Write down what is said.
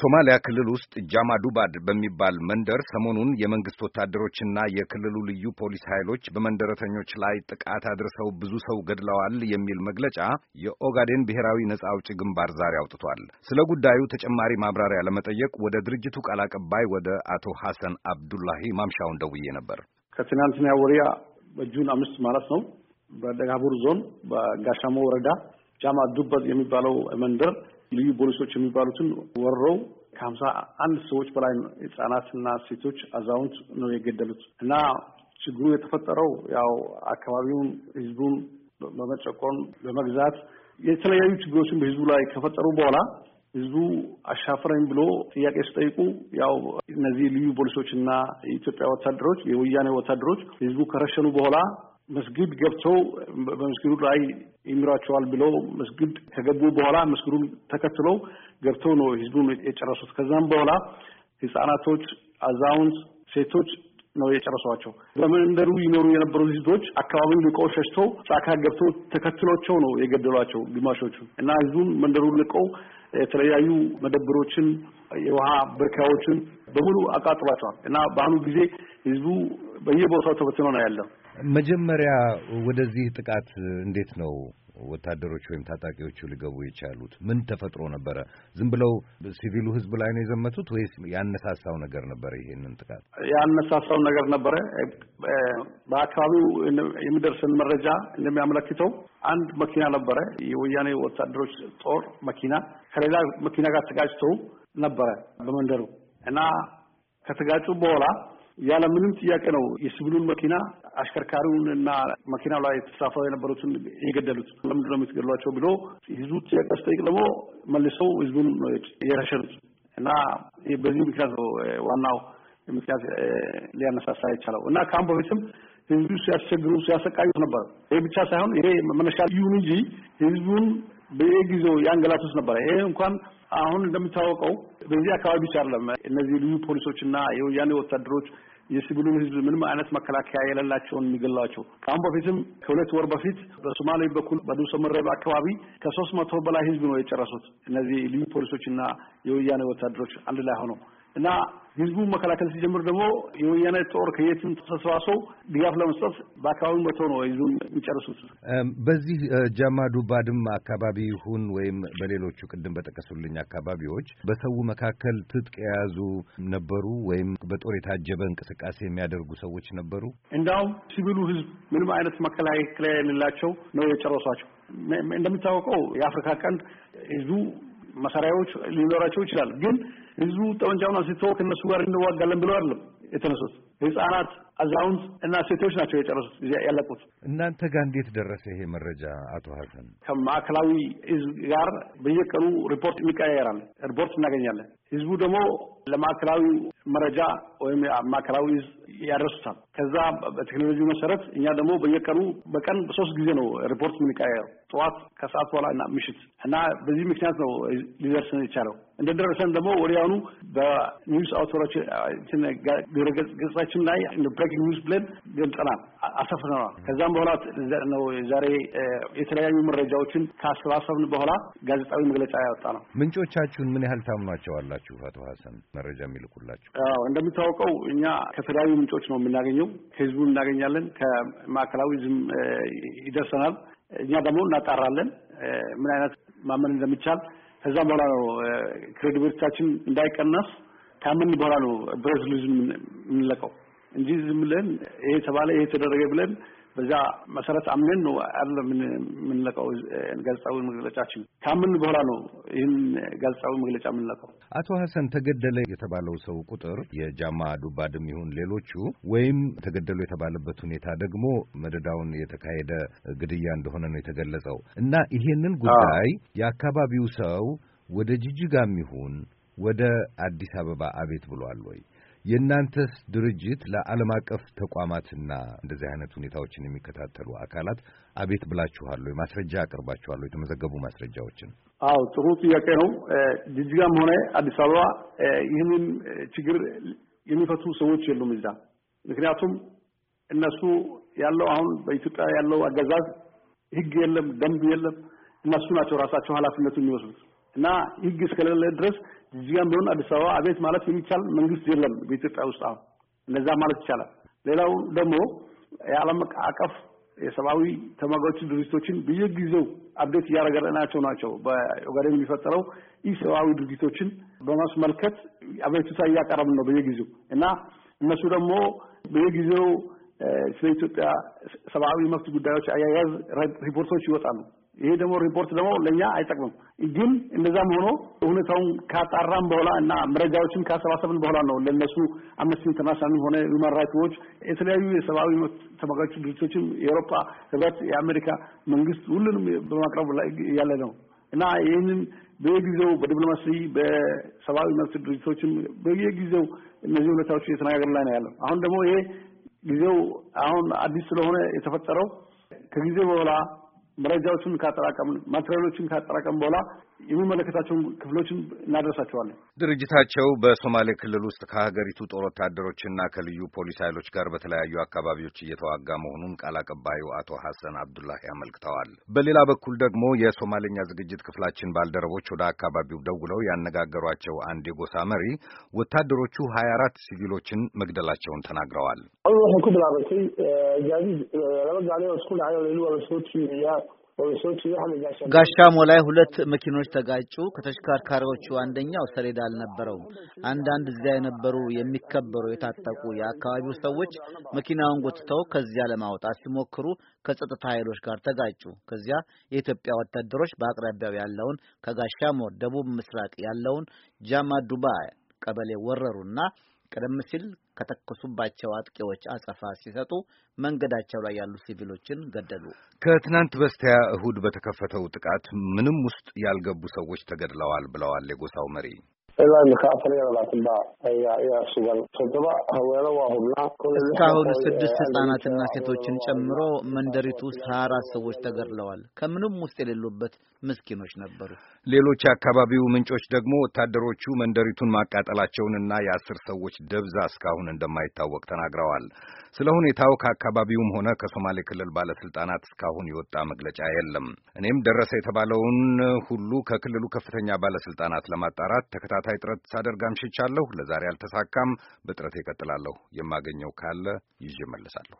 ሶማሊያ ክልል ውስጥ ጃማዱባድ በሚባል መንደር ሰሞኑን የመንግሥት ወታደሮችና የክልሉ ልዩ ፖሊስ ኃይሎች በመንደረተኞች ላይ ጥቃት አድርሰው ብዙ ሰው ገድለዋል የሚል መግለጫ የኦጋዴን ብሔራዊ ነጻ አውጪ ግንባር ዛሬ አውጥቷል። ስለ ጉዳዩ ተጨማሪ ማብራሪያ ለመጠየቅ ወደ ድርጅቱ ቃል አቀባይ ወደ አቶ ሐሰን አብዱላሂ ማምሻውን ደውዬ ነበር። ከትናንትና ወዲያ በጁን አምስት ማለት ነው በደጋቡር ዞን በጋሻሞ ወረዳ ጃማ ዱበት የሚባለው መንደር ልዩ ፖሊሶች የሚባሉትን ወረው ከሀምሳ አንድ ሰዎች በላይ ህጻናትና ሴቶች አዛውንት ነው የገደሉት እና ችግሩ የተፈጠረው ያው አካባቢውን ህዝቡን በመጨቆን በመግዛት የተለያዩ ችግሮችን በህዝቡ ላይ ከፈጠሩ በኋላ ህዝቡ አሻፈረኝ ብሎ ጥያቄ ሲጠይቁ ያው እነዚህ ልዩ ፖሊሶች እና የኢትዮጵያ ወታደሮች የወያኔ ወታደሮች ህዝቡ ከረሸኑ በኋላ መስጊድ ገብተው በመስጊዱ ላይ ይምራቸዋል ብለው መስጊድ ከገቡ በኋላ መስጊዱን ተከትለው ገብተው ነው ህዝቡን የጨረሱት። ከዛም በኋላ ህጻናቶች፣ አዛውንት፣ ሴቶች ነው የጨረሷቸው። በመንደሩ ይኖሩ የነበሩ ህዝቦች አካባቢውን ልቀው ሸሽተው ጫካ ገብተው ተከትሏቸው ነው የገደሏቸው ግማሾቹ እና ህዝቡን መንደሩን ልቀው የተለያዩ መደብሮችን፣ የውሃ በርካዎችን በሙሉ አቃጥሏቸዋል እና በአሁኑ ጊዜ ህዝቡ በየቦታው ተበትኖ ነው ያለው። መጀመሪያ ወደዚህ ጥቃት እንዴት ነው ወታደሮች ወይም ታጣቂዎቹ ሊገቡ የቻሉት? ምን ተፈጥሮ ነበረ? ዝም ብለው ሲቪሉ ህዝብ ላይ ነው የዘመቱት ወይስ ያነሳሳው ነገር ነበረ? ይሄንን ጥቃት ያነሳሳው ነገር ነበረ። በአካባቢው የሚደርሰን መረጃ እንደሚያመለክተው አንድ መኪና ነበረ፣ የወያኔ ወታደሮች ጦር መኪና ከሌላ መኪና ጋር ተጋጭተው ነበረ በመንደሩ እና ከተጋጩ በኋላ ያለ ምንም ጥያቄ ነው የስብሉን መኪና አሽከርካሪውን እና መኪናው ላይ ተሳፍረው የነበሩትን የገደሉት። ለምንድን ነው የምትገድሏቸው ብሎ ህዝቡ ጥያቄ ስጠይቅ ደግሞ መልሰው ህዝቡን የረሸኑት እና በዚህ ምክንያት ነው ዋናው ምክንያት ሊያነሳሳ የቻለው እና ከአሁን በፊትም ህዝቡ ሲያስቸግሩ ሲያሰቃዩት ነበር። ይህ ብቻ ሳይሆን ይሄ መነሻ ይሁን እንጂ ህዝቡን በየጊዜው የአንገላቶች ነበረ። ይሄ እንኳን አሁን እንደሚታወቀው በዚህ አካባቢ ብቻ አይደለም። እነዚህ ልዩ ፖሊሶችና የወያኔ ወታደሮች የሲቪሉን ህዝብ ምንም አይነት መከላከያ የሌላቸውን የሚገላቸው ከአሁን በፊትም ከሁለት ወር በፊት በሶማሌ በኩል በዱሰ መረብ አካባቢ ከሶስት መቶ በላይ ህዝብ ነው የጨረሱት እነዚህ ልዩ ፖሊሶችና የወያኔ ወታደሮች አንድ ላይ ሆነው እና ህዝቡ መከላከል ሲጀምር ደግሞ የወያኔ ጦር ከየትም ተሰባስበው ድጋፍ ለመስጠት በአካባቢ መቶ ነው ህዝቡን የሚጨርሱት። በዚህ ጃማዱ ባድማ አካባቢ ይሁን ወይም በሌሎቹ ቅድም በጠቀሱልኝ አካባቢዎች በሰው መካከል ትጥቅ የያዙ ነበሩ ወይም በጦር የታጀበ እንቅስቃሴ የሚያደርጉ ሰዎች ነበሩ። እንዳውም ሲቪሉ ህዝብ ምንም አይነት መከላከያ የሌላቸው ነው የጨረሷቸው። እንደሚታወቀው የአፍሪካ ቀንድ ህዝቡ መሳሪያዎች ሊኖራቸው ይችላል ግን ህዝቡ ጠመንጃውን አንስቶ ከነሱ ጋር እንዋጋለን ብለው አይደለም የተነሱት። ህጻናት፣ አዛውንት እና ሴቶች ናቸው የጨረሱት ያለቁት። እናንተ ጋር እንዴት ደረሰ ይሄ መረጃ አቶ ሀሰን? ከማዕከላዊ ህዝብ ጋር በየቀኑ ሪፖርት የሚቀያየራል፣ ሪፖርት እናገኛለን። ህዝቡ ደግሞ ለማዕከላዊ መረጃ ወይም ማዕከላዊ ህዝብ ያደርሱታል። ከዛ በቴክኖሎጂ መሰረት እኛ ደግሞ በየቀኑ በቀን ሶስት ጊዜ ነው ሪፖርት የምንቀያየረው። ጠዋት ከሰዓት በኋላ እና ምሽት እና በዚህ ምክንያት ነው ሊደርሰን የቻለው። እንደደረሰን ደግሞ ወዲያውኑ በኒውስ አውቶሮችን ገጻችን ላይ ብሬኪንግ ኒውስ ብለን ገልጠናል፣ አሰፍነናል። ከዛም በኋላ ነው ዛሬ የተለያዩ መረጃዎችን ካሰባሰብን በኋላ ጋዜጣዊ መግለጫ ያወጣ ነው። ምንጮቻችሁን ምን ያህል ታምኗቸው አላችሁ? አቶ ሀሰን መረጃ የሚልኩላችሁ? አዎ እኛ ከተለያዩ ምንጮች ነው የምናገኘው። ከህዝቡ እናገኛለን፣ ከማዕከላዊ ዝም ይደርሰናል። እኛ ደግሞ እናጣራለን ምን አይነት ማመን እንደሚቻል። ከዛም በኋላ ነው ክሬዲቢሊቲችን እንዳይቀነስ ካመን በኋላ ነው ፕሬስ ሪሊዙን የምንለቀው እንጂ ዝም ብለን ይሄ ተባለ ይሄ ተደረገ ብለን በዛ መሰረት አምነን ነው አይደለም የምንለቀው ጋዜጣዊ መግለጫችን። ካምን በኋላ ነው ይህን ጋዜጣዊ መግለጫ የምንለቀው። አቶ ሀሰን ተገደለ የተባለው ሰው ቁጥር የጃማ ዱባድም ይሁን ሌሎቹ ወይም ተገደሉ የተባለበት ሁኔታ ደግሞ መደዳውን የተካሄደ ግድያ እንደሆነ ነው የተገለጸው እና ይሄንን ጉዳይ የአካባቢው ሰው ወደ ጅጅጋም ይሁን ወደ አዲስ አበባ አቤት ብሏል ወይ? የእናንተስ ድርጅት ለዓለም አቀፍ ተቋማትና እንደዚህ አይነት ሁኔታዎችን የሚከታተሉ አካላት አቤት ብላችኋል ወይ? ማስረጃ አቅርባችኋል? የተመዘገቡ ማስረጃዎችን? አዎ፣ ጥሩ ጥያቄ ነው። ጅጅጋም ሆነ አዲስ አበባ ይህንን ችግር የሚፈቱ ሰዎች የሉም እዛ። ምክንያቱም እነሱ ያለው አሁን በኢትዮጵያ ያለው አገዛዝ ህግ የለም፣ ደንብ የለም። እነሱ ናቸው ራሳቸው ኃላፊነቱ የሚወስዱት። እና ህግ እስከሌለ ድረስ ጅጅጋም ቢሆን አዲስ አበባ አቤት ማለት የሚቻል መንግስት የለም በኢትዮጵያ ውስጥ አሁን እንደዛ ማለት ይቻላል። ሌላው ደግሞ የዓለም አቀፍ የሰብአዊ ተሟጋች ድርጅቶችን በየጊዜው አብዴት እያደረገናቸው ናቸው። በኦጋዴን የሚፈጠረው ኢሰብአዊ ድርጊቶችን በማስመልከት አቤቱታ እያቀረብን ነው በየጊዜው እና እነሱ ደግሞ በየጊዜው ስለ ኢትዮጵያ ሰብአዊ መብት ጉዳዮች አያያዝ ሪፖርቶች ይወጣሉ። ይሄ ደግሞ ሪፖርት ደግሞ ለእኛ አይጠቅምም። ግን እንደዛም ሆኖ እውነታውን ካጣራም በኋላ እና መረጃዎችን ካሰባሰብን በኋላ ነው ለነሱ አምነስቲ ኢንተርናሽናልም ሆነ ሁማን ራይትስ ዎች የተለያዩ የሰብአዊ መብት ተሟጋች ድርጅቶችም የአውሮፓ ህብረት፣ የአሜሪካ መንግስት ሁሉንም በማቅረብ ላይ ያለ ነው እና ይህንን በየጊዜው በዲፕሎማሲ በሰብአዊ መብት ድርጅቶችም በየጊዜው እነዚህ ሁኔታዎች እየተነጋገር ላይ ነው ያለው። አሁን ደግሞ ይሄ ጊዜው አሁን አዲስ ስለሆነ የተፈጠረው ከጊዜ በኋላ መረጃዎችን ካጠራቀምን ማቴሪያሎችን ካጠራቀም በኋላ የሚመለከታቸውን ክፍሎችን እናደርሳቸዋለን። ድርጅታቸው በሶማሌ ክልል ውስጥ ከሀገሪቱ ጦር ወታደሮችና ከልዩ ፖሊስ ኃይሎች ጋር በተለያዩ አካባቢዎች እየተዋጋ መሆኑን ቃል አቀባዩ አቶ ሐሰን አብዱላሂ አመልክተዋል። በሌላ በኩል ደግሞ የሶማሌኛ ዝግጅት ክፍላችን ባልደረቦች ወደ አካባቢው ደውለው ያነጋገሯቸው አንድ የጎሳ መሪ ወታደሮቹ ሀያ አራት ሲቪሎችን መግደላቸውን ተናግረዋል። ጋሻሞ ላይ ሁለት መኪኖች ተጋጩ። ከተሽከርካሪዎቹ አንደኛው ሰሌዳ አልነበረውም። አንዳንድ እዚያ የነበሩ የሚከበሩ የታጠቁ የአካባቢው ሰዎች መኪናውን ጎትተው ከዚያ ለማውጣት ሲሞክሩ ከጸጥታ ኃይሎች ጋር ተጋጩ። ከዚያ የኢትዮጵያ ወታደሮች በአቅራቢያው ያለውን ከጋሻሞ ደቡብ ምስራቅ ያለውን ጃማ ዱባ ቀበሌ ወረሩና ቀደም ሲል ከተከሱባቸው አጥቂዎች አጸፋ ሲሰጡ መንገዳቸው ላይ ያሉ ሲቪሎችን ገደሉ። ከትናንት በስቲያ እሁድ በተከፈተው ጥቃት ምንም ውስጥ ያልገቡ ሰዎች ተገድለዋል ብለዋል የጎሳው መሪ። ilaa imika afar iyo labaatan ayaa sugan toddoba haweeno waa hubnaa እስካሁን ስድስት ህጻናትና ሴቶችን ጨምሮ መንደሪቱ ውስጥ ሀያ አራት ሰዎች ተገድለዋል። ከምንም ውስጥ የሌሉበት ምስኪኖች ነበሩ። ሌሎች የአካባቢው ምንጮች ደግሞ ወታደሮቹ መንደሪቱን ማቃጠላቸውንና የአስር ሰዎች ደብዛ እስካሁን እንደማይታወቅ ተናግረዋል። ስለ ሁኔታው ከአካባቢውም ሆነ ከሶማሌ ክልል ባለስልጣናት እስካሁን የወጣ መግለጫ የለም። እኔም ደረሰ የተባለውን ሁሉ ከክልሉ ከፍተኛ ባለስልጣናት ለማጣራት ተከታታይ ተከታታይ ጥረት ሳደርግ አምሽቻለሁ። ለዛሬ አልተሳካም። በጥረት ይቀጥላለሁ። የማገኘው ካለ ይዤ እመለሳለሁ።